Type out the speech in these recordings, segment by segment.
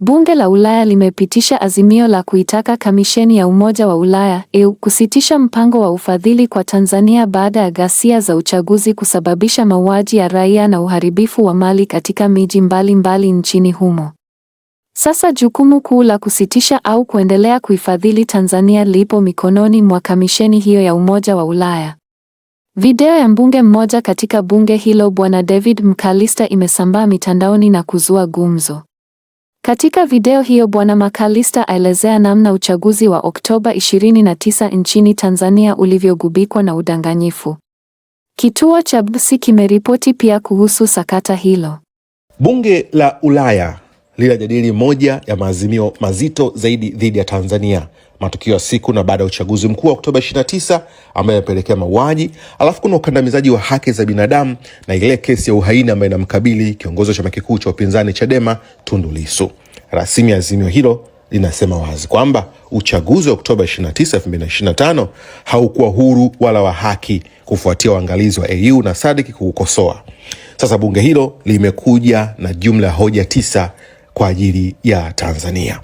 Bunge la Ulaya limepitisha azimio la kuitaka Kamisheni ya Umoja wa Ulaya EU kusitisha mpango wa ufadhili kwa Tanzania baada ya ghasia za uchaguzi kusababisha mauaji ya raia na uharibifu wa mali katika miji mbalimbali nchini humo. Sasa jukumu kuu la kusitisha au kuendelea kuifadhili Tanzania lipo mikononi mwa kamisheni hiyo ya Umoja wa Ulaya. Video ya mbunge mmoja katika bunge hilo Bwana David Mkalista, imesambaa mitandaoni na kuzua gumzo. Katika video hiyo Bwana Makalista aelezea namna uchaguzi wa Oktoba 29 nchini Tanzania ulivyogubikwa na udanganyifu. Kituo cha BBC kimeripoti pia kuhusu sakata hilo. Bunge la Ulaya linajadili moja ya maazimio mazito zaidi dhidi ya Tanzania, matukio ya siku na baada ya uchaguzi mkuu wa Oktoba 29 ambayo yamepelekea mauaji, alafu kuna ukandamizaji wa haki za binadamu na ile kesi ya uhaini ambayo inamkabili kiongozi wa chama kikuu cha upinzani Chadema Tundu Lissu. Rasimi ya azimio hilo linasema wazi kwamba uchaguzi wa Oktoba 29, 2025 haukuwa huru wala wa haki kufuatia waangalizi wa AU na SADC kuukosoa. Sasa bunge hilo limekuja na jumla ya hoja tisa kwa ajili ya Tanzania.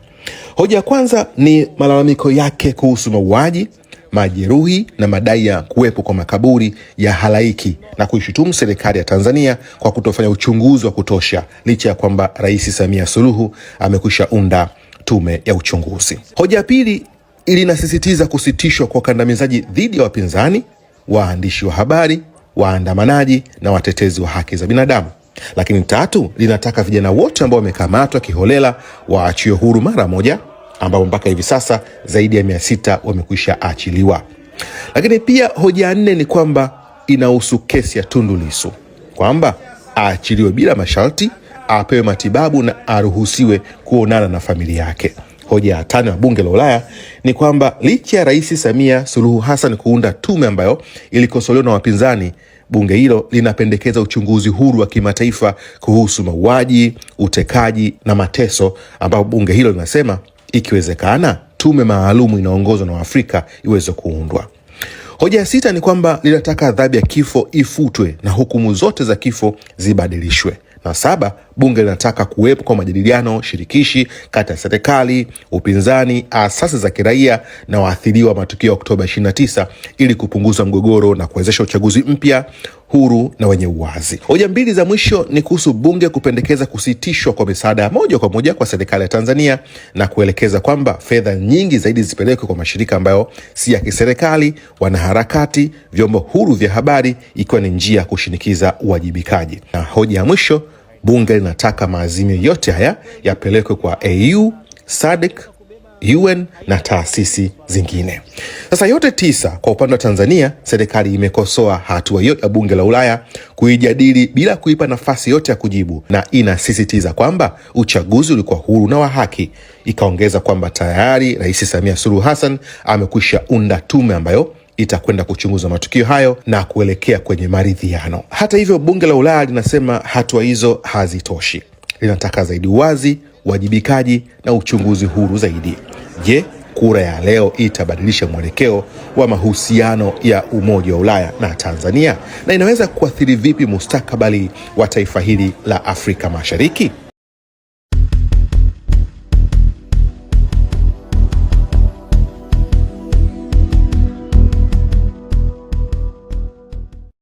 Hoja ya kwanza ni malalamiko yake kuhusu mauaji, majeruhi na madai ya kuwepo kwa makaburi ya halaiki na kuishutumu serikali ya Tanzania kwa kutofanya uchunguzi wa kutosha licha ya kwamba Rais Samia Suluhu amekwisha unda tume ya uchunguzi. Hoja ya pili linasisitiza kusitishwa kwa ukandamizaji dhidi ya wapinzani, waandishi wa habari, waandamanaji na watetezi wa haki za binadamu. Lakini tatu, linataka vijana wote ambao wamekamatwa kiholela waachiwe huru mara moja, ambapo mpaka hivi sasa zaidi ya mia sita wamekwisha achiliwa. Lakini pia hoja nne ni kwamba inahusu kesi ya Tundu Lissu kwamba aachiliwe bila masharti, apewe matibabu na aruhusiwe kuonana na familia yake. Hoja ya tano ya bunge la Ulaya ni kwamba licha ya Rais Samia Suluhu Hassan kuunda tume ambayo ilikosolewa na wapinzani bunge hilo linapendekeza uchunguzi huru wa kimataifa kuhusu mauaji, utekaji na mateso, ambapo bunge hilo linasema ikiwezekana tume maalum inaongozwa na Waafrika iweze kuundwa. Hoja ya sita ni kwamba linataka adhabu ya kifo ifutwe na hukumu zote za kifo zibadilishwe. Na saba, bunge linataka kuwepo kwa majadiliano shirikishi kati ya serikali, upinzani, asasi za kiraia na waathiriwa matukio ya Oktoba 29 ili kupunguza mgogoro na kuwezesha uchaguzi mpya huru na wenye uwazi. Hoja mbili za mwisho ni kuhusu bunge kupendekeza kusitishwa kwa misaada ya moja kwa moja kwa serikali ya Tanzania na kuelekeza kwamba fedha nyingi zaidi zipelekwe kwa mashirika ambayo si ya kiserikali, wanaharakati, vyombo huru vya habari, ikiwa ni njia ya kushinikiza uwajibikaji. Na hoja ya mwisho, bunge linataka maazimio yote haya yapelekwe kwa AU, SADC UN na taasisi zingine. Sasa yote tisa, kwa upande wa Tanzania, serikali imekosoa hatua hiyo ya bunge la Ulaya kuijadili bila kuipa nafasi yote ya kujibu, na inasisitiza kwamba uchaguzi ulikuwa huru na wa haki. Ikaongeza kwamba tayari Rais Samia Suluhu Hassan amekwisha unda tume ambayo itakwenda kuchunguza matukio hayo na kuelekea kwenye maridhiano. Hata hivyo, bunge la Ulaya linasema hatua hizo hazitoshi, linataka zaidi uwazi, uwajibikaji na uchunguzi huru zaidi. Je, kura ya leo itabadilisha mwelekeo wa mahusiano ya Umoja wa Ulaya na Tanzania na inaweza kuathiri vipi mustakabali wa taifa hili la Afrika Mashariki?